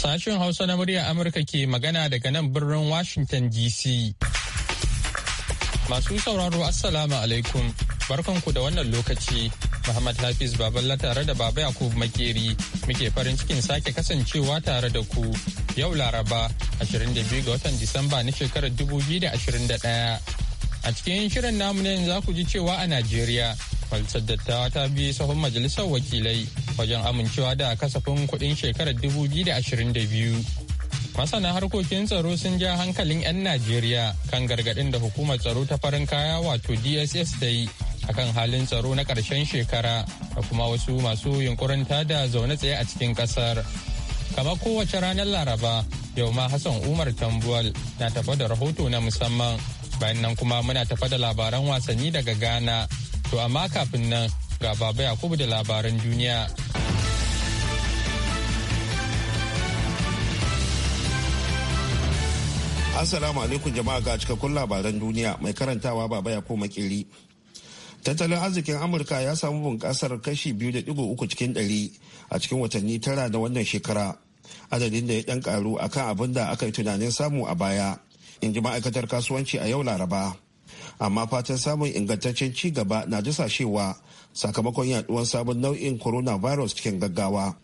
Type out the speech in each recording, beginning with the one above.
Sashen Hausa na murya Amurka ke magana daga nan birnin Washington DC. Masu sauraro Assalamu alaikum barkanku da wannan lokaci. Muhammad Hafiz Baballa tare da Baba Yakubu Makeri muke farin cikin sake kasancewa tare da ku yau Laraba 22 ga watan Disamba na shekarar 2021. A cikin shirin namu ne za ku ji cewa a Najeriya majalisar dattawa ta bi sahun majalisar wakilai wajen amincewa da kasafin kuɗin shekarar 2022 masana harkokin tsaro sun ja hankalin 'yan najeriya kan gargaɗin da hukumar tsaro ta farin kaya wato dss ta yi a kan halin tsaro na ƙarshen shekara da kuma wasu masu yunkurin da zaune tsaye a cikin ƙasar kamar kowace ranar laraba yau ma hassan umar tambuwal na tafa da rahoto na musamman bayan nan kuma muna tafa da labaran wasanni daga ghana To amma kafin nan ga baba Yakubu da labaran duniya. Assalamu alaikum jama'a ga cikakkun labaran duniya mai karantawa baba Yakubu makili. Tattalin arzikin Amurka ya samu bunƙasar kashi biyu da ɗigo uku cikin ɗari a cikin watanni tara na wannan shekara. adadin da ya ɗan karu akan abin da aka yi tunanin samu a baya in ji ma'aikatar kasuwanci a yau laraba amma fatan samun ingantaccen ci gaba na dusashewa sakamakon yaduwar sabon nau'in coronavirus cikin gaggawa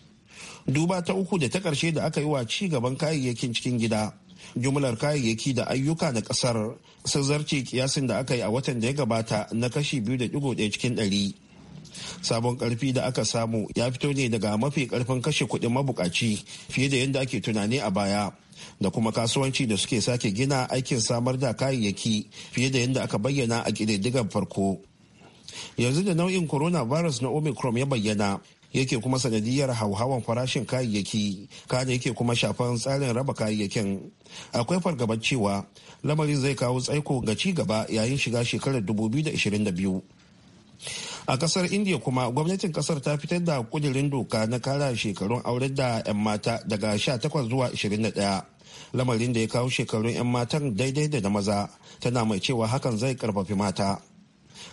duba ta uku da ta karshe da aka yi wa ci gaban kayayyakin cikin gida jumlar kayayyaki da ayyuka na kasar sun zarce kiyasin da aka yi a watan da ya gabata na kashi biyu da digo ɗaya cikin ɗari sabon karfi da aka samu ya fito ne daga mafi karfin kashe kuɗin mabukaci fiye da yadda ake tunani a baya da kuma kasuwanci da suke sake gina aikin samar da kayayyaki fiye da yadda aka bayyana a ƙididdigar farko yanzu da nau'in corona virus na omicron ya bayyana yake kuma sanadiyar hauhawan farashin kayayyaki kada yake kuma shafan tsarin raba kayayyakin akwai fargabar cewa lamarin zai kawo tsaiko ga ci gaba yayin shiga shekarar 2022 a kasar india kuma gwamnatin kasar ta fitar da kudirin doka na kara shekarun auren da 'yan mata daga 18 zuwa 21 lamarin da ya kawo shekarun 'yan matan daidai da na maza tana mai cewa hakan zai karfafi mata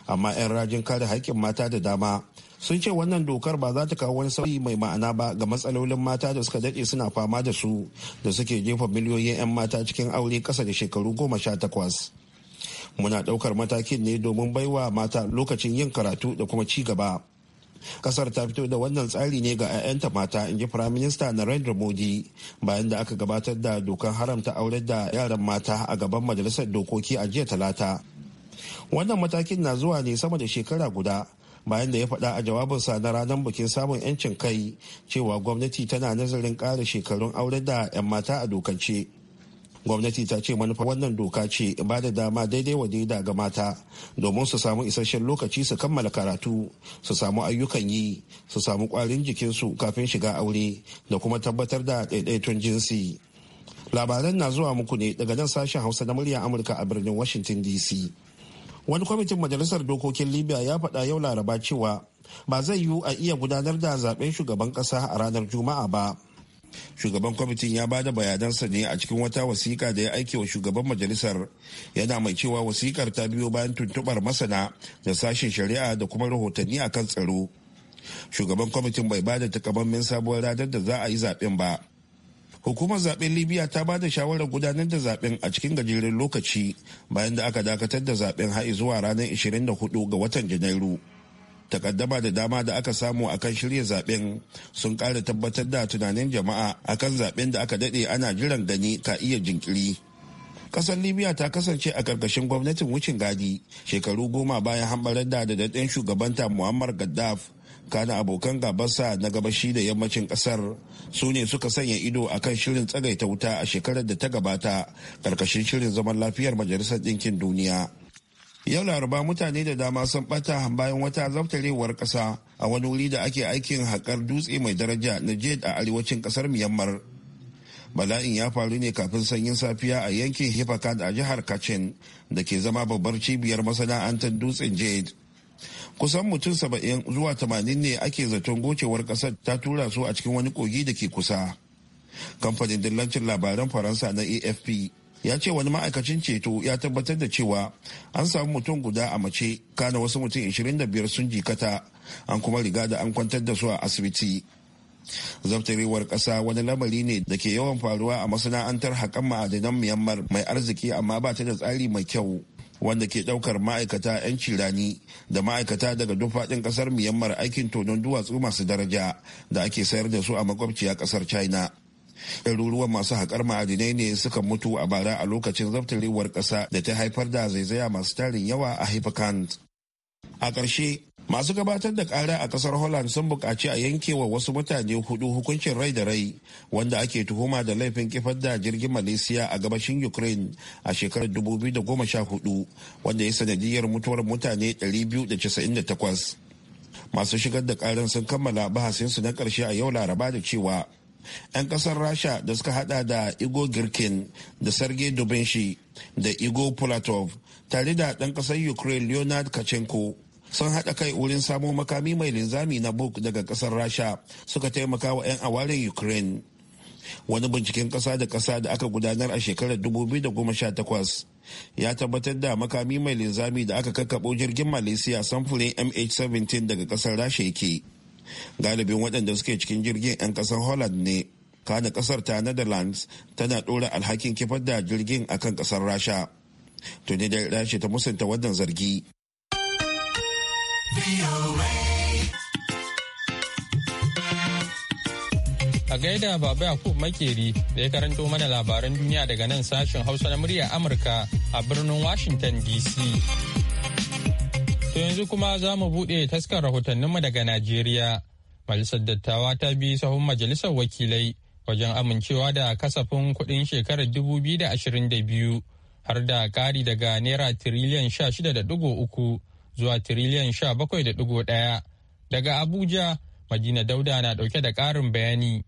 amma 'yan rajin kare haƙƙin mata da dama sun ce wannan dokar ba za ta kawo wani sauyi mai ma'ana ba ga matsalolin mata da suka daɗe suna fama da su da suke jefa miliyoyin 'yan mata cikin aure kasa da shekaru goma sha takwas muna ɗaukar matakin ne domin baiwa mata lokacin yin karatu da kuma ci gaba kasar ta fito da wannan tsari ne ga 'ya'yanta mata in ji firaminista narendra modi bayan da aka gabatar da dokan haramta aurar da yaran mata a gaban majalisar dokoki a jiya talata wannan matakin na zuwa ne sama da shekara guda bayan da ya faɗa a jawabinsa na ranar bikin samun 'yancin kai cewa gwamnati tana nazarin ƙara shekarun aurar da 'yan mata a dokance. gwamnati ta ce manufa wannan doka ce ba da dama daidai wa daida ga mata domin su samu isasshen lokaci su kammala karatu su samu ayyukan yi su samu kwarin jikinsu kafin shiga aure da kuma tabbatar da daidaiton jinsi labaran na zuwa muku ne daga nan sashen hausa na muryar amurka a birnin washington dc wani kwamitin majalisar dokokin libya ya faɗa yau laraba cewa ba zai yiwu a iya gudanar da zaben shugaban ƙasa a ranar juma'a ba shugaban kwamitin ya ba da bayanansa ne a cikin wata wasiƙa da ya aike wa shugaban majalisar yana mai cewa wasiƙar ta biyo bayan tuntuɓar masana da sashen shari'a da kuma rahotanni a kan tsaro shugaban kwamitin bai ba da takamammen sabuwar ranar da za a yi zaɓen ba hukumar zaɓen libya ta ba da shawarar gudanar da zaɓen a cikin gajeren lokaci bayan da aka dakatar da zaɓen har zuwa ranar 24 ga watan janairu takaddama da dama da aka samu akan shirya zaben sun kara tabbatar da tunanin jama'a akan zaben da aka dade ana jiran gani ka iya jinkiri kasar libya ta kasance a karkashin gwamnatin wucin gadi shekaru goma bayan hambarar da da daɗin shugabanta muammar gaddaf kana abokan gabasa na gabashi da yammacin kasar su ne suka sanya ido a kan shirin tsagaita wuta a shekarar da ta gabata karkashin shirin zaman lafiyar majalisar ɗinkin duniya yau laraba mutane da dama sun bata bayan wata zaftarewar kasa a wani wuri da ake aikin haƙar dutse mai daraja na jade a arewacin kasar myanmar bala'in ya faru ne kafin sanyin safiya a yankin hifakat a jihar kachin da ke zama babbar cibiyar masana'antar dutsen jade kusan mutum saba'in zuwa tamanin ne ake zaton gocewar kasar ta tura su a cikin wani kogi da ke kusa kamfanin dillancin labaran faransa na afp ya ce wani ma'aikacin ceto ya tabbatar da cewa an samu mutum guda a mace kana wasu mutum 25 sun jikata an kuma riga da an kwantar da su a asibiti zaftarewar ƙasa wani lamari ne da ke yawan faruwa a masana'antar haƙan ma'adanan myanmar mai arziki amma ba ta da tsari mai kyau wanda ke ɗaukar ma'aikata 'yan cirani da ma'aikata daga duk faɗin ƙasar myanmar aikin tonon duwatsu masu daraja da ake sayar da su a makwabciya ƙasar china ɗaruruwan masu haƙar ma'adinai ne suka mutu a bara a lokacin zaftarewar ƙasa da ta haifar da zaizaya masu tarin yawa a hypercant a ƙarshe masu gabatar da ƙara a ƙasar holland sun buƙaci a yankewa wasu mutane hudu hukuncin rai da rai wanda ake tuhuma da laifin kifar da jirgin malaysia a gabashin ukraine a shekarar 2014 wanda ya sanadiyar mutuwar mutane 298 masu shigar da ƙarin sun kammala bahasinsu na ƙarshe a yau laraba da cewa 'yan kasar rasha da suka hada da Igo girkin da sergei dubinshi da Igo pulatov tare da ɗan ƙasar ukraine leonard kachenko sun haɗa kai wurin samo makami mai linzami na buk daga ƙasar rasha suka taimaka wa 'yan awarin ukraine wani binciken ƙasa da ƙasa da aka gudanar a shekarar 2018 ya tabbatar da makami mai linzami da aka kakkaɓo jirgin malaysia samfurin mh17 daga ƙasar rasha yake galibin waɗanda suke cikin jirgin 'yan ƙasar holland ne kana ƙasar ta netherlands tana ɗora alhakin kifar da jirgin akan ƙasar rasha tuni da rasha ta musanta wannan zargi a gaida baba yakub makeri da ya karanto mana labaran duniya daga nan sashen hausa na murya amurka a birnin washington dc To yanzu kuma za mu buɗe taskar rahotanninmu daga Najeriya. Majalisar Dattawa ta bi sahun Majalisar Wakilai wajen amincewa da kasafin kuɗin shekarar 2022 har da ƙari daga Naira tiriliyan 16.3 zuwa tiriliyan ɗaya. daga Abuja, Madina Dauda na ɗauke da ƙarin bayani.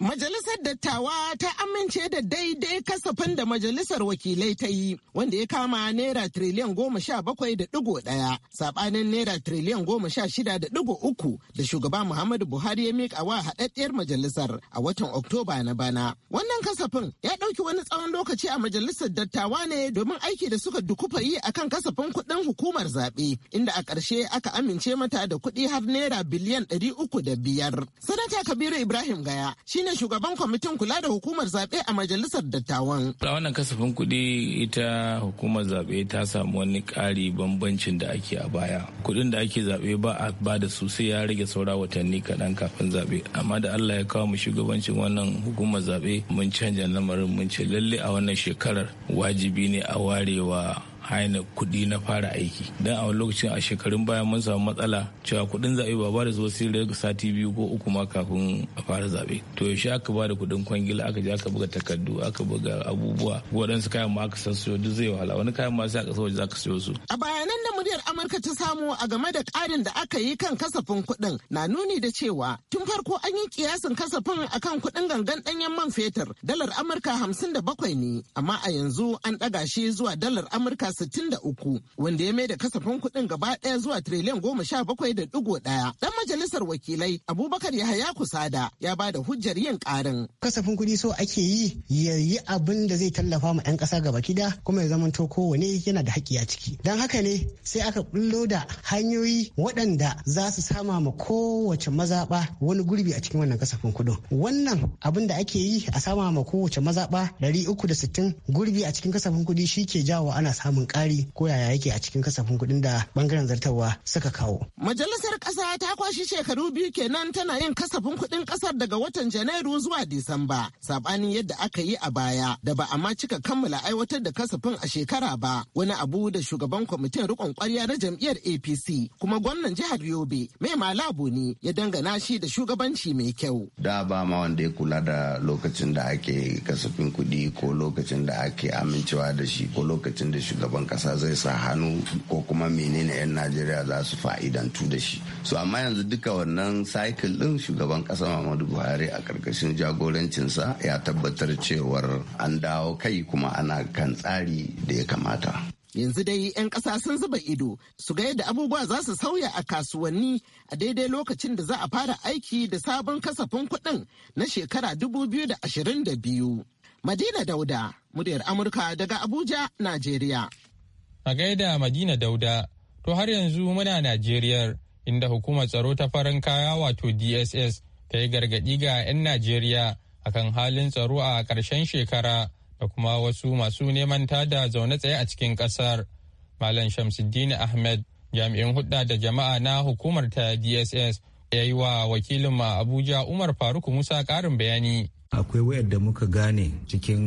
Majalisar Dattawa ta amince da daidai kasafin da Majalisar Wakilai ta yi wanda ya kama Naira triliyan goma sha bakwai da digo ɗaya, saɓanin Naira triliyan goma sha shida da digo uku da shugaba Muhammadu Buhari ya miƙa wa haɗaɗɗiyar majalisar a watan Oktoba na bana. Wannan kasafin ya ɗauki wani tsawon lokaci a Majalisar Dattawa ne domin aiki da suka dukufa yi akan kasafin kuɗin hukumar zaɓe inda a ƙarshe aka amince mata da kuɗi har Naira biliyan ɗari uku da biyar. Sanata Kabiru Ibrahim Gaya shi shine shugaban kwamitin kula da hukumar zaɓe a majalisar dattawan. A wannan kasafin kuɗi ita hukumar zaɓe ta samu wani kari bambancin da ake a baya. Kuɗin da ake zaɓe ba a ba da su sai ya rage saura watanni kaɗan kafin zaɓe. Amma da Allah ya kawo mu shugabancin wannan hukumar zaɓe mun canja lamarin mun ce lalle a wannan shekarar wajibi ne a warewa haina kuɗi na fara aiki don a wani lokacin a shekarun baya mun samu matsala cewa kuɗin zaɓe ba ba da zuwa sai da sati biyu ko uku ma kafin a fara zaɓe to yaushe aka ba da kuɗin kwangila aka je aka buga takardu aka buga abubuwa waɗansu kayan ma aka sassuyo duk zai wahala wani kayan ma sai aka waje za ka siyo su. a bayanan da muryar amurka ta samu a game da ƙarin da aka yi kan kasafin kuɗin na nuni da cewa tun farko an yi kiyasin kasafin akan kuɗin gangan ɗanyen man fetur dalar amurka hamsin da bakwai ne amma a yanzu an ɗaga shi zuwa dalar amurka 63 wanda ya mai da kasafin kuɗin gaba ɗaya zuwa tiriliyan goma sha bakwai da ɗigo ɗaya. Ɗan majalisar wakilai Abubakar Yahaya Kusada ya ba da hujjar yin ƙarin. Kasafin kuɗi so ake yi ya yi abin da zai tallafa ma 'yan ƙasa gaba kida kuma ya zamanto kowane yana da haƙƙi a ciki. Don haka ne sai aka bullo da hanyoyi waɗanda za su sama ma kowace mazaɓa wani gurbi a cikin wannan kasafin kuɗin. Wannan abin da ake yi a sama ma kowace mazaɓa 360 gurbi a cikin kasafin kuɗi shi ke jawo ana samun ko yaya yake a cikin kasafin kuɗin da bangaren zartarwa suka kawo. Majalisar ƙasa ta kwashi shekaru biyu kenan tana yin kasafin kuɗin ƙasar daga watan Janairu zuwa Disamba. Sabanin yadda aka yi a baya da ba a ma cika kammala aiwatar da kasafin a shekara ba wani abu da shugaban kwamitin riƙon ƙwarya na jam'iyyar APC kuma gwamnan jihar Yobe mai malabu ne ya dangana shi da shugabanci mai kyau. Da ba ma wanda ya kula da lokacin da ake kasafin kuɗi ko lokacin da ake amincewa da shi ko lokacin da shugaban shugaban kasa zai sa hannu ko kuma menene 'yan najeriya za su fa'idantu da shi so amma yanzu duka wannan cycle din shugaban kasa muhammadu buhari a karkashin jagorancinsa ya tabbatar cewar an dawo kai kuma ana kan tsari da ya kamata yanzu dai 'yan ƙasa sun zuba ido su ga yadda abubuwa za su sauya a kasuwanni a daidai lokacin da za a fara aiki da sabon kasafin kuɗin na shekara 2022. Madina Dauda, muryar Amurka daga Abuja, Najeriya. A gaida Madina Dauda, to har yanzu muna Najeriyar inda hukumar tsaro ta farin kaya wato DSS ta yi gargaɗi ga 'yan Najeriya akan halin tsaro a ƙarshen shekara da kuma wasu masu neman ta da zaune tsaye a cikin ƙasar. Malam Shamsuddin Ahmed, jami'in hudda da jama'a na hukumar ta DSS, ya yi wa wakilin ma Abuja Umar Faruk Musa ƙarin bayani. akwai wayar da muka gane cikin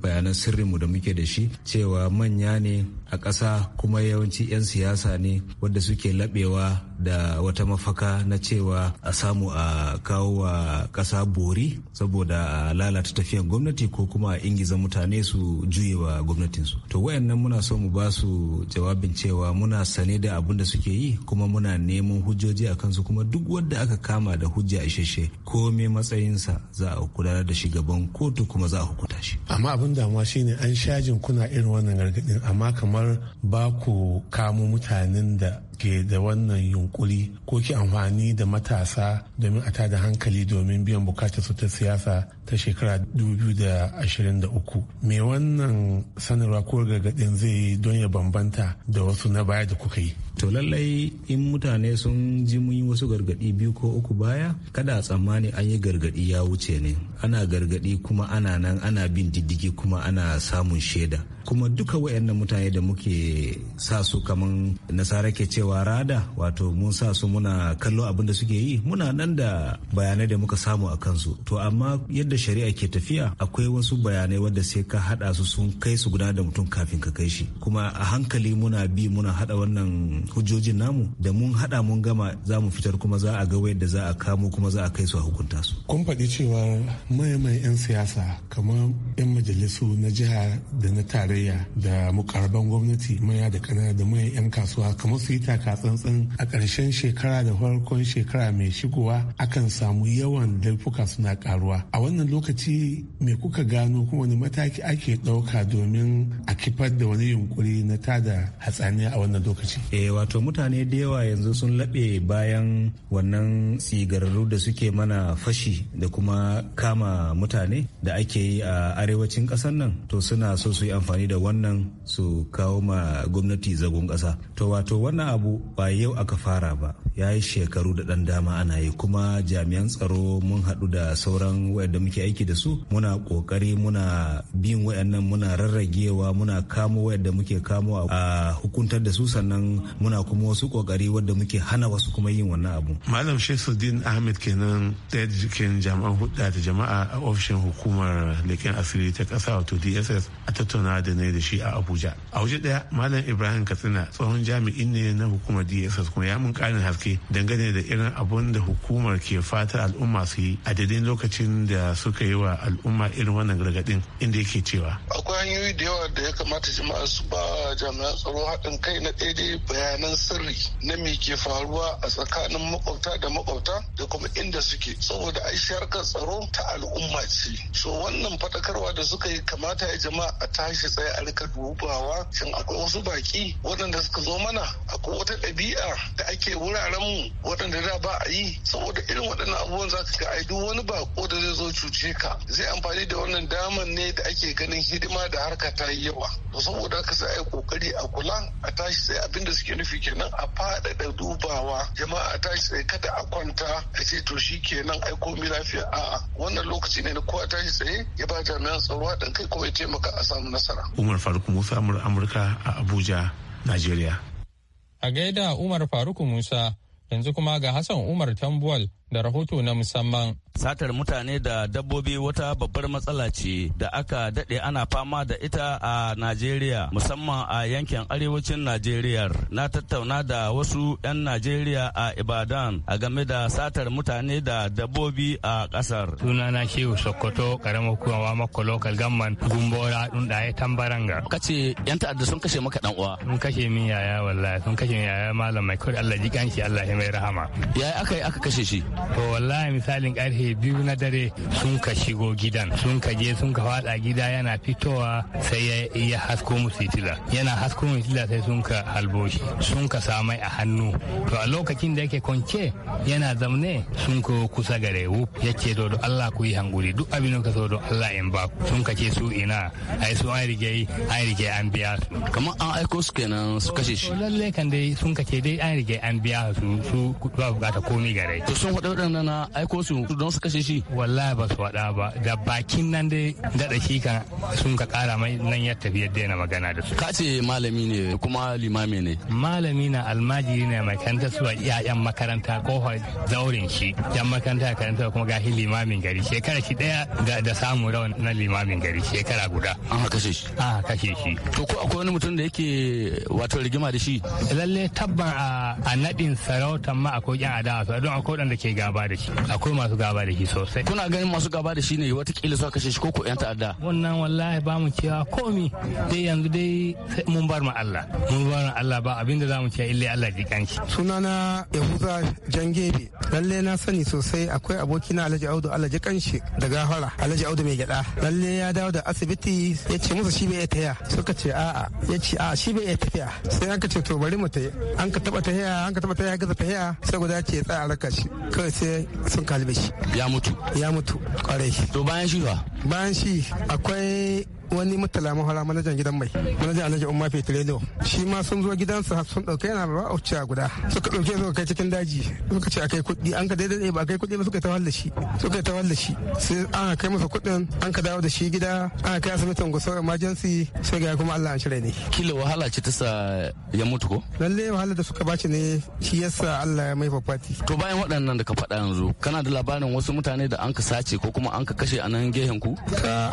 bayanan sirrinmu da muke da shi cewa manya ne a ƙasa kuma yawanci 'yan siyasa ne wadda suke laɓewa da wata mafaka na cewa a samu a kawo wa ƙasa bori saboda a lalata tafiyan gwamnati ko kuma a ingiza mutane su juye wa gwamnatinsu to wayannan muna so mu ba su jawabin cewa muna sane da abin da suke yi kuma muna neman hujjoji a kansu kuma duk wadda aka kama da hujja ko me matsayinsa za a gudanar da shi gaban kotu kuma za a hukunta shi amma abin damuwa shine an shajin kuna irin wannan gargadin amma kamar kamar ba ku kamo mutanen da ke da wannan yunkuri ko ki amfani da matasa domin a tada hankali domin biyan bukatar su ta siyasa ta shekara 2023 me wannan sanarwa ko gargadin zai yi don ya bambanta da wasu na baya da kuka yi to lallai in mutane sun ji mun yi wasu gargadi biyu ko uku baya kada tsammani an yi gargadi ya wuce ne ana gargadi kuma ana nan ana bin diddigi kuma ana samun shaida kuma duka waɗannan mutane da muke sa su kaman nasara ke cewa rada wato mun sa su muna kallo abin da suke yi muna nan da bayanai da muka samu a kansu to amma yadda shari'a ke tafiya akwai wasu bayanai wadda sai ka hada su sun kai su gudanar da mutum kafin ka kai shi kuma a hankali muna bi muna hada wannan hujjojin namu da mun hada mun gama za mu fitar kuma za a ga yadda za a kamo kuma za a kai su a hukunta su kun faɗi cewa mai 'yan siyasa kamar 'yan majalisu na jiha da na tare tarayya da mukarban gwamnati maya da kanana da manyan 'yan kasuwa kamar su yi taka tsantsan a ƙarshen shekara da farkon shekara mai shigowa akan samu yawan laifuka suna karuwa a wannan lokaci me kuka gano kuma wani mataki ake ɗauka domin a kifar da wani yunkuri na tada hatsaniya a wannan lokaci eh wato mutane da yawa yanzu sun laɓe bayan wannan sigararru da suke mana fashi da kuma kama mutane da ake yi a arewacin ƙasar nan to suna so su yi amfani amfani da wannan su kawo ma gwamnati zagon ƙasa. To wato wannan abu ba yau aka fara ba ya yi shekaru da ɗan dama ana yi kuma jami'an tsaro mun haɗu da sauran wayanda muke aiki da su muna ƙoƙari muna bin wayannan muna rarragewa muna kamo wayanda muke kamo a hukuntar da su sannan muna kuma wasu ƙoƙari wadda muke hana wasu kuma yin wannan abu. Malam Shamsuddin Ahmed kenan ɗaya jikin jami'an hudu da jama'a a ofishin hukumar leƙen asiri ta ƙasa wato DSS a tattauna da ne da shi a abu. abuja a waje daya malam ibrahim katsina tsohon jami'in ne na hukumar dss kuma ya mun karin haske dangane da irin abun da hukumar ke fata al'umma su yi a daidai lokacin da suka yi wa al'umma irin wannan gargaɗin inda yake cewa akwai hanyoyi da yawa da ya kamata jama'a su ba jami'an tsaro haɗin kai na daidai bayanan sirri na me ke faruwa a tsakanin makwabta da makwabta da kuma inda suke saboda aishiyar harkar tsaro ta al'umma ce so wannan faɗakarwa da suka yi kamata ya jama'a a tashi tsaye a rika dubawa shin akwai wasu baki waɗanda suka zo mana akwai wata ɗabi'a da ake wuraren mu waɗanda da ba a yi saboda irin waɗannan abubuwan za ka ga ai duk wani bako da zai zo cuce ka zai amfani da wannan daman ne da ake ganin hidima da harka ta yi yawa to saboda haka sai a yi kokari a kula a tashi sai abin da suke nufi kenan a faɗaɗa dubawa jama'a a tashi sai kada a kwanta a ce to shi kenan ai komi lafiya a'a wannan lokaci ne na kowa tashi tsaye ya ba jami'an tsaro haɗin kai kuma ya taimaka a samu nasara. Umar Faruk Musa samun amurka a abuja nigeria a gaida umar faruku musa yanzu kuma ga hassan umar tambuwal da rahoto na musamman Satar mutane da dabbobi wata babbar matsala ce da aka daɗe ana fama da ita a Najeriya musamman a yankin arewacin Najeriya. Na tattauna da wasu 'yan Najeriya a Ibadan a game da satar mutane da dabbobi a ƙasar. Sunana Shehu Sokoto karamar kuwa mako local gamman gumbora da ya tambaranga. Kace 'yan ta'adda sun kashe maka dan uwa. Sun kashe min yaya wallahi sun kashe min yaya malam mai kudi Allah ji kanki Allah ya mai rahama. Yaya aka yi aka kashe shi? To wallahi misalin karfe karfe biyu na dare sun ka shigo gidan sun ka je sun ka fada gida yana fitowa sai ya hasko musu hitila yana hasko musu hitila sai sun ka halbo shi sun ka samai a hannu to a lokacin da yake kwance yana zamne sun ko kusa gare wu ya ce to don Allah ku yi hankuri duk abin ka so do Allah in ba sun ka ce su ina ai su an rige an rige an biya su kamar an aiko su kenan su kashe shi lalle kan dai sun ka ce dai an rige an biya su su ba bukata komai gare to sun faɗa waɗannan na aiko su don su kashe shi wallahi ba su waɗa ba da bakin nan dai da dakika sun ka kara mai nan ya tafi yadda yana magana da su ka ce malami ne kuma limami ne malami na almajiri ne mai kanta su iyayen makaranta kofa zaurin shi yan makaranta karanta kuma gashi limamin gari shekara shi ɗaya da samu rawan na limamin gari shekara guda an kashe shi an kashe shi to ko akwai wani mutum da yake wato rigima da shi lalle tabban a nadin sarautan ma akwai ƴan adawa don akwai waɗanda ke gaba da shi akwai masu gaba da shi sosai kuna ganin masu gaba da shi ne watakila suka kashe shi ko ko yan ta'adda wannan wallahi ba mu cewa komi dai yanzu dai mun bar mu Allah mun bar mu Allah ba abinda za mu cewa illa Allah kanki sunana Yahuza Jangebe lalle na sani sosai akwai abokina Alhaji Audu Allah kanshi daga hara. Alhaji Audu mai gyada lalle ya dawo da asibiti ya ce musu shi bai iya taya suka ce a'a ya ce a'a shi bai iya tafiya sai aka ce to bari mu tayi an ka taba tahiya an ka taba tahiya gaza tahiya sai guda ce tsaya raka shi kai sai sun kalbe shi ya mutu ya mutu kwarai to bayan shi ba bayan shi akwai wani mutala mahara manajan gidan mai manajan alhaji umma petrelo shi ma sun zo gidansa sun dauke yana ba a guda suka dauke suka kai cikin daji suka ce akai kuɗi an ka daidai ba kai kuɗi ba suka tawar da shi suka tawar da shi sai an kai masa kuɗin an ka dawo da shi gida an kai asibitin gusau emergency sai ga kuma Allah an shirya ne kila wahala ce ta sa ya mutu ko lalle wahala da suka baci ne shi yasa Allah ya mai fafati to bayan waɗannan da ka faɗa yanzu kana da labarin wasu mutane da an ka sace ko kuma an ka kashe a nan gehen ku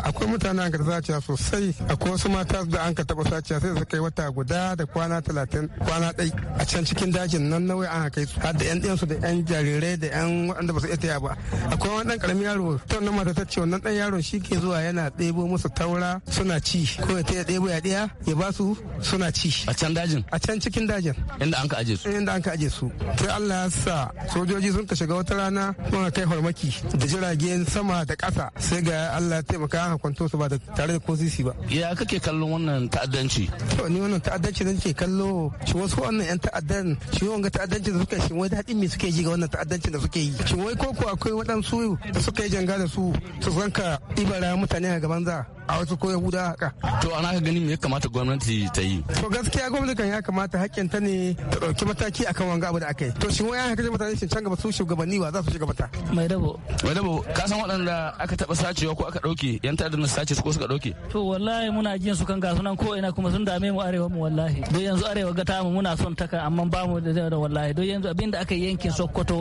akwai mutane an ka sace sosai akwai wasu mata da an ka taba sace sai su kai wata guda da kwana talatin kwana ɗai a can cikin dajin nan nawai an kai su har da yan ɗiyansu da yan jarirai da yan waɗanda ba su iya ba akwai wani ɗan ƙaramin yaro ta wannan mata ta ce wannan ɗan yaron shi ke zuwa yana ɗebo musu taura suna ci ko ya ta ɗebo ya ɗaya ya ba su suna ci. A can dajin? A can cikin dajin. Inda an ka aje su? Inda an ka aje su. Sai Allah ya sa sojoji sun ka shiga wata rana suna kai farmaki da jiragen sama da ƙasa sai ga Allah ya taimaka an kwanto su ba da tare da ko sisi ba ya kake kallon wannan ta'addanci to ni wannan ta'addanci da nake kallo shi wasu wannan yan ta'addan shi wanga ta'addanci da suka shi wai daɗin me suke ji ga wannan ta'addanci da suke yi shi wai koko akwai waɗansu da suka yi janga da su su zanka ibara mutane a gaban za a wasu ko yahuda haka to ana ka ganin me ya kamata gwamnati ta yi to gaskiya gwamnati kan ya kamata hakkin ta ne ta dauki mataki akan wanga abu da aka yi to shin wayan haka mutane shin can gaba su shugabanni wa za su bata mai dabo mai dabo ka san waɗanda aka taba sacewa ko aka dauke yan ta'adda na sace su ko suka dauke to wallahi muna jin su kan ga sunan ko ina kuma sun dame mu arewa mu wallahi don yanzu arewa ga mu muna son taka amma ba mu da wallahi don yanzu abinda aka yankin sokoto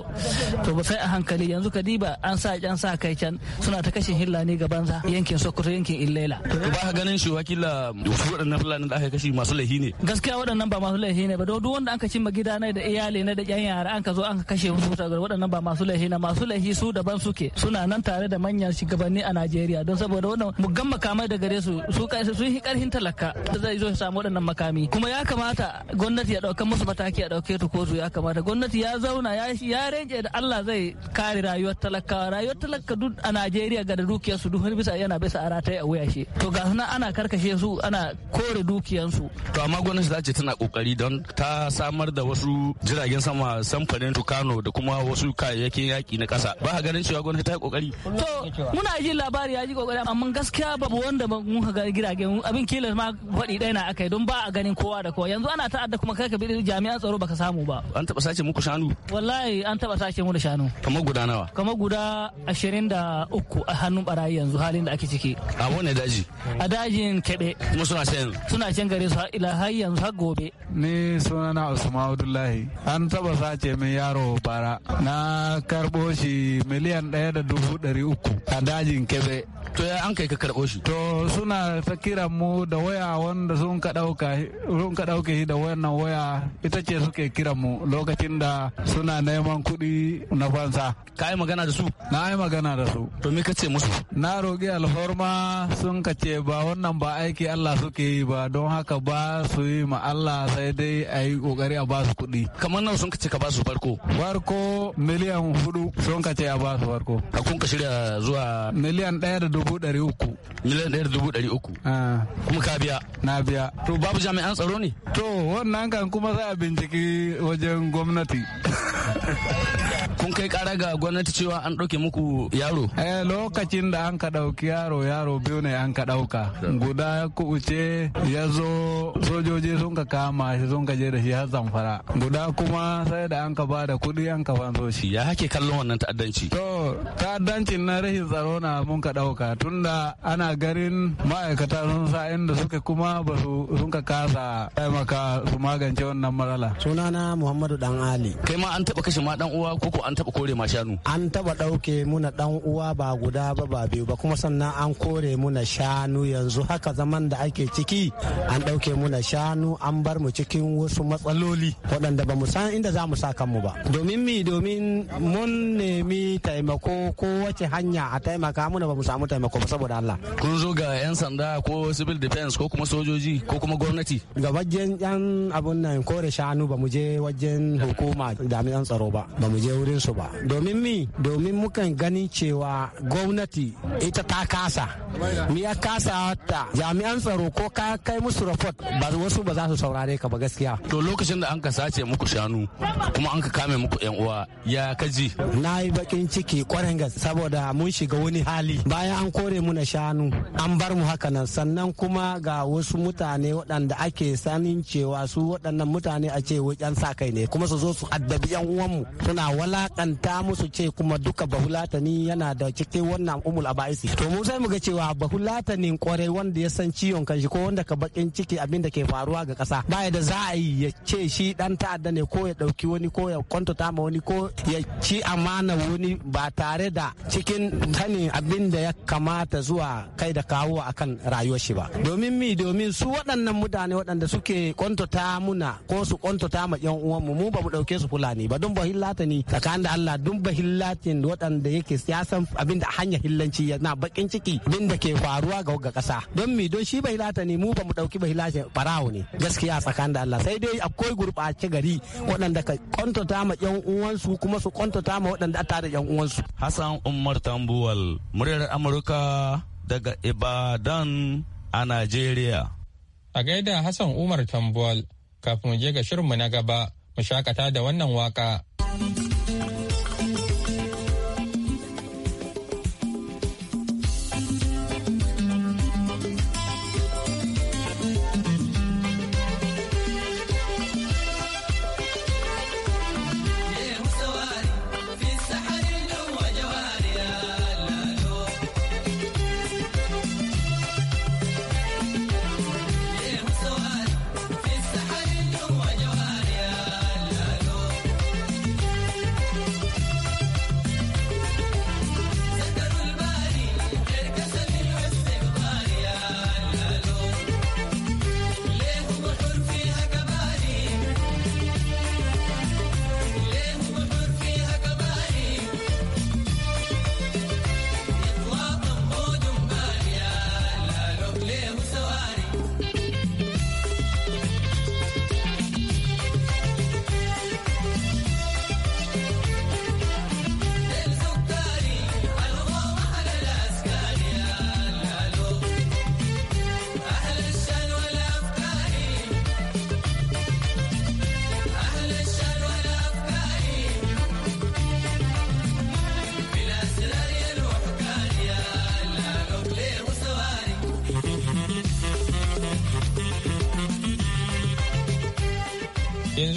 to ba sai a hankali yanzu kadiba an sa an sa kai can suna ta kashin hilla ne gaban yankin sokoto yankin ille lela ba ka ganin shi wakila waɗannan fulani da aka kashi masu laifi ne gaskiya waɗannan ba masu laifi ne ba duk wanda an cimma magida na da iyali na da ƴan yara ka zo an ka kashe musu wuta waɗannan ba masu laifi na masu laifi su daban suke suna nan tare da manyan shugabanni a Najeriya don saboda wannan gan makamai da gare su su sun yi karhin talaka zai zo samu waɗannan makami kuma ya kamata gwamnati ya ɗauka musu mataki ya ɗauke ta kotu ya kamata gwamnati ya zauna ya ya rage da Allah zai kare rayuwar talakawa rayuwar talaka duk a Najeriya ga da dukiyar su duk bisa yana bisa a rataye a wuya shi to ga suna ana karkashe su ana kore dukiyansu to amma gwamnati za ce tana kokari don ta samar da wasu jiragen sama samfanin tukano da kuma wasu kayayyakin yaki na kasa ba ganin cewa gwamnati ta kokari to muna ji labari ya ji kokari amma gaskiya babu wanda mun ga jiragen abin kila ma faɗi ɗaya na akai don ba a ganin kowa da kowa yanzu ana ta'adda kuma kai ka bi jami'an tsaro baka samu ba an taba sace muku shanu wallahi an taba sace mu da shanu kamar guda nawa kamar guda ashirin da a hannun barayi yanzu halin da ake ciki a wani d'Asie. a dajin kebe kuma suna can suna can gare su ila har yanzu har gobe ni sunana usman abdullahi an taba sace min yaro bara na karbo shi miliyan ɗaya da dubu ɗari uku a dajin kebe to ya an kai ka karɓo shi to suna ta kira mu da waya wanda sun ka ɗauka sun ka ɗauke shi da wannan waya ita ce suke kiran mu lokacin da suna neman kuɗi na fansa ka yi magana da su na yi magana da su to me ka ce musu na roƙi alhorma sun ka ce ce ba wannan ba aiki Allah suke yi ba don haka ba su yi ma Allah sai dai a yi kokari a ba su kuɗi. Kamar nan sun ka ce ka ba su farko. Farko miliyan hudu sun ka ce a ba su farko. A kun ka shirya zuwa. Miliyan ɗaya da dubu ɗari uku. Miliyan ɗaya da dubu ɗari uku. Ah. Kuma ka biya. Na biya. To babu jami'an tsaro ne. To wannan kan kuma za a binciki wajen gwamnati. kun kai kara ga gwamnati cewa an ɗauke muku yaro. Eh lokacin da an ka ɗauki yaro yaro biyu ne an ka ɗauki. ɗauka guda ku kubuce ya zo sojoji sun ka kama shi sun ka je da shi har zamfara guda kuma sai da an ka ba da kuɗi an ka fanso shi ya hake kallon wannan ta'addanci to ta'addancin na rashin tsaro na mun ka ɗauka tunda ana garin ma'aikata sun sa inda suke kuma ba su sun ka kasa taimaka su magance wannan matsala sunana muhammadu dan ali kai ma an taba kashe ma dan uwa ko ko an taba kore ma shanu an taba ɗauke muna dan uwa ba guda ba ba biyu ba kuma sannan an kore muna shanu shanu yanzu haka zaman da ake ciki an ɗauke muna shanu an bar mu cikin wasu matsaloli waɗanda ba mu san inda za mu sa kanmu ba domin mi domin mun nemi taimako ko wace hanya a taimaka muna ba mu samu taimako ba saboda Allah kun zo ga yan sanda ko civil defense ko kuma sojoji ko kuma gwamnati ga wajen yan abun nan kore shanu ba mu je wajen hukuma jami'an tsaro ba ba mu je wurin su ba domin mi domin mukan gani cewa gwamnati ita ta kasa mi ya sata jami'an tsaro ko ka kai musu report ba wasu ba za su saurare ka ba gaskiya to lokacin da an ka sace muku shanu kuma an ka kame muku yan uwa ya kaji na yi bakin ciki kwarin gas saboda mun shiga wani hali bayan an kore mu na shanu an bar mu haka nan sannan kuma ga wasu mutane waɗanda ake sanin cewa su waɗannan mutane a ce wajen sa kai ne kuma su zo su addabi yan uwan mu. suna walakanta musu ce kuma duka bahulatani yana da cikin wannan umul abaisi to mu sai mu ga cewa bahulatani sanin kwarai wanda ya san ciwon kanshi ko wanda ka bakin ciki abin ke faruwa ga kasa baya da za a yi ya ce shi dan ta'adda ne ko ya dauki wani ko ya kwantata ma wani ko ya ci amana wani ba tare da cikin sanin abin da ya kamata zuwa kai da kawo akan rayuwar shi ba domin mi domin su waɗannan mutane waɗanda suke kwantata muna ko su kwantata ma yan uwan mu ba mu dauke su fulani ba don ba hillata ni tsakanin da Allah dun ba hillatin waɗanda yake siyasan abin da hanya hillanci yana bakin ciki abin ke faruwa ga ga kasa don mi don shi bai lata ne mu ba mu dauki bai lata farao ne gaskiya tsakanin da Allah sai dai akwai gurɓace gari waɗanda ka kwantata ma yan uwansu kuma su kwantata ma waɗanda a tare yan uwansu Hassan Umar Tambuwal muryar Amurka daga Ibadan a Najeriya a gaida Hassan Umar Tambuwal kafin je ga shirinmu na gaba mu shakata da wannan waka.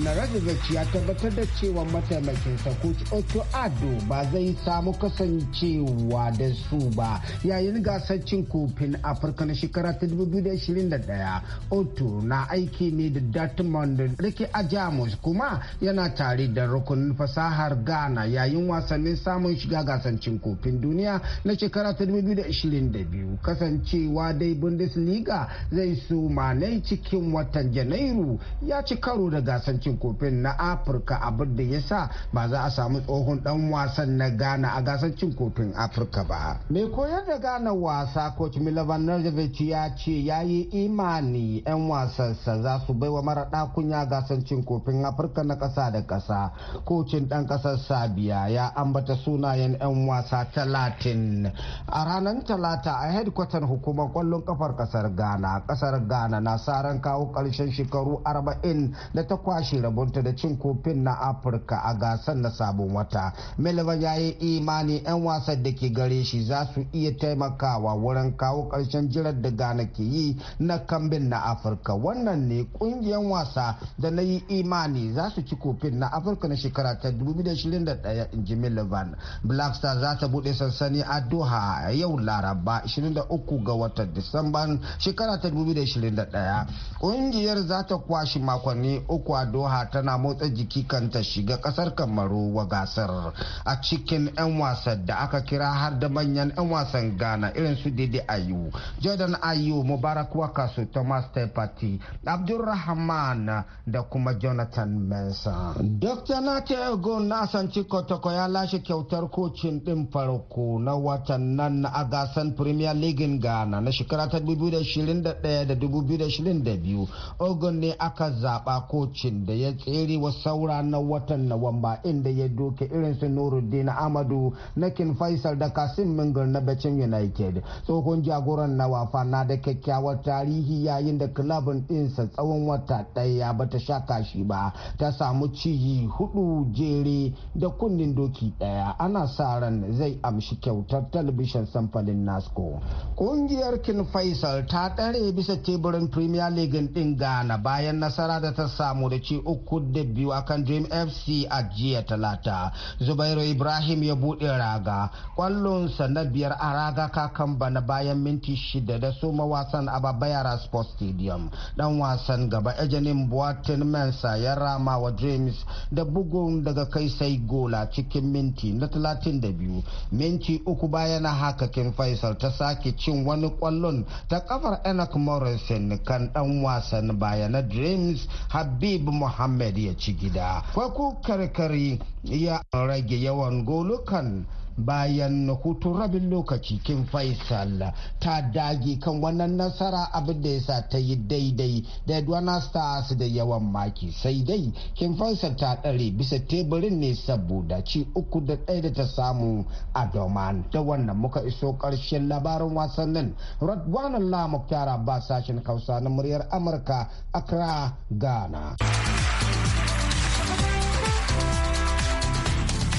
rage Bech ya tabbatar da cewa mataimakin sa Coach Otto Ado ba zai samu kasancewa da su ba yayin gasar cin kofin Afirka na shekara ta 2021. Otto na aiki ne da Dortmund Ricky a Jamus kuma yana tare da rukunin fasahar Ghana yayin wasannin samun shiga gasar kofin duniya na shekara ta 2022. Kasancewa dai Bundesliga zai su ne cikin watan Janairu ya ci karo da gasar yankin kofin na afirka abin da ya sa ba za a samu tsohon dan wasan na ghana a gasar cin kofin afirka ba mai koyar da ghana wasa coach milovan Rajovic ya ce ya yi imani 'yan wasansa za su baiwa mara ɗakunya gasar cin kofin afirka na kasa da kasa kocin ɗan ƙasar sabiya ya ambata sunayen 'yan wasa talatin a ranar talata a hedkwatar hukumar kwallon kafar kasar ghana kasar ghana na saran kawo karshen shekaru arba'in da ta kwashe ce rabonta da cin kofin na afirka a gasar na sabon wata milivan ya yi imani 'yan wasan da ke gare shi za su iya taimakawa wurin kawo karshen jirar da gana ke yi na kambin na afirka wannan ne ƙungiyar wasa da na yi imani za su ci kofin na afirka na shekara ta 2021 in ji milivan black star za ta buɗe sansani a doha yau laraba 23 ga watan disamban shekara ta 2021 ƙungiyar za ta kwashi makonni uku a doha doha tana motsa jiki kanta shiga kasar kamaru wa gasar a cikin 'yan wasa da aka kira har da manyan 'yan wasan ghana irin su dede ayu jordan ayu mubarak wakasu thomas tepati abdulrahman da kuma jonathan mensa dr nate ego na asanci kotoko ya lashe kyautar kocin din farko na watan nan a gasan premier league ghana na shekara ta 2021 da 2022 ogun ne aka zaba kocin da da ya tsere wa saura na watan Nuwamba inda ya doke irin su Nuruddin Amadu na Kin Faisal da Kasim Mingir na Bacin United. Tsohon jagoran na wafa na da kyakkyawar tarihi yayin da kilabin ɗinsa tsawon wata ɗaya ba ta sha kashi ba ta samu ciyi hudu jere da kunnin doki ɗaya ana sa ran zai amshi kyautar talabishin samfanin nasco ƙungiyar kin faisal ta ɗare bisa teburin premier league ɗin ghana bayan nasara da ta samu da ci uku da biyu a kan dream fc a jiya talata zubairu ibrahim ya bude raga kwallonsa na biyar a raga kakan bana bayan minti shida da soma wasan a babayara sports stadium dan wasan gaba ejanin buwatin mensa ya rama wa dreams da bugun daga kai sai gola cikin minti na talatin da biyu minti uku bayan haka kin faisal ta sake cin wani kwallon ta kafar enoch morrison kan dan wasan baya na dreams habib muhammad ya ci gida kwakwu karkari ya rage yawan golukan bayan hutun rabin lokaci kin faisal ta dage kan wannan nasara abin da yasa ta yi daidai da edwana stars da yawan maki sai dai kin faisal ta ɗare bisa teburin ne saboda ci uku da ɗaya da ta samu a doman da wannan muka iso ƙarshen labarin wasannin radwan allah muktar ba sashen hausa na muryar amurka accra ghana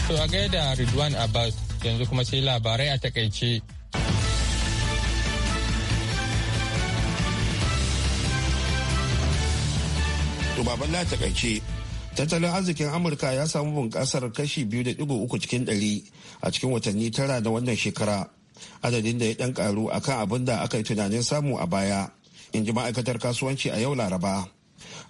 To a gaida Ridwan Abbas yanzu kuma sai labarai a takaice. baban na takaice. Tattalin arzikin Amurka ya samu bunƙasar kashi biyu da ɗigo uku cikin ɗari a cikin watanni tara da wannan shekara. Adadin da ya ɗan ƙaru akan abin da aka yi tunanin samu a baya. In ji ma'aikatar kasuwanci a yau Laraba.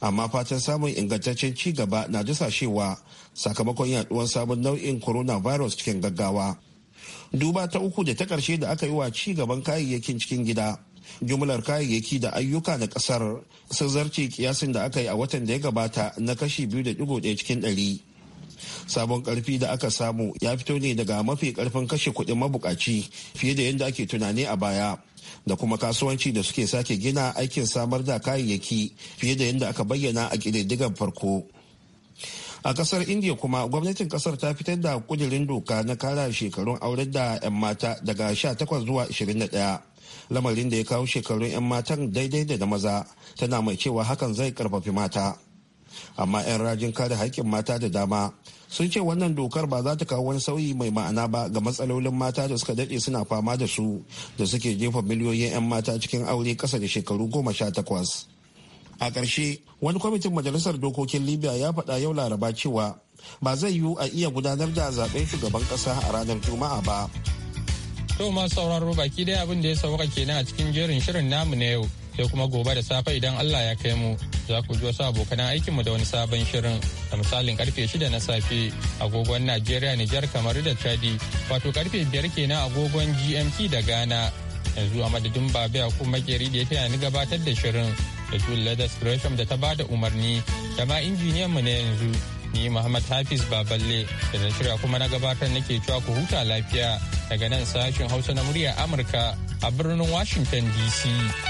amma fatan samun ingantaccen ci gaba na dusashewa sakamakon yaduwar sabon nau'in coronavirus cikin gaggawa duba ta uku da ta ƙarshe da aka yi wa ci gaban kayayyakin cikin gida jumlar kayayyaki da ayyuka na ƙasar sun zarce kiyasin da aka yi a watan da ya gabata na kashi biyu da digo daya cikin dari sabon karfi da aka samu ya fito ne daga mafi karfin kashe kuɗin mabukaci fiye da yadda ake tunani a baya da kuma kasuwanci da suke sake gina aikin samar da kayayyaki fiye da yadda aka bayyana a ƙididdigan farko a kasar india kuma gwamnatin kasar ta fitar da kudirin doka na kara shekarun auren da 'yan mata daga 18 zuwa 21 lamarin da ya kawo shekarun 'yan matan daidai da na maza tana mai cewa hakan zai karfafi mata amma 'yan rajin kare haƙƙin mata da dama sun ce wannan dokar ba za ta kawo wani sauyi mai ma'ana ba ga matsalolin mata da suka dade suna fama da su da suke jefa miliyoyin 'yan mata cikin aure kasa da shekaru goma sha takwas a ƙarshe wani kwamitin majalisar dokokin libya ya faɗa yau laraba cewa ba zai yiwu a iya gudanar da zaben shugaban ƙasa a ranar juma'a ba to ma sauraro baki dai abin da ya sauka kenan a cikin jerin shirin namu na yau sai kuma gobe da safe idan Allah ya kai mu za ku ji wasu abokan aikinmu da wani sabon shirin da misalin karfe 6 na safe agogon Najeriya Nijar kamar da Chadi wato karfe 5 kenan agogon GMT da Ghana yanzu a madadin babu ya kuma makeri da ya taya ni gabatar da shirin da Julia da da ta ba da umarni da ma injiniyan mu na yanzu ni Muhammad Hafiz Baballe da na shirya kuma na gabatar nake cewa ku huta lafiya daga nan sashen Hausa na murya Amurka a birnin Washington DC.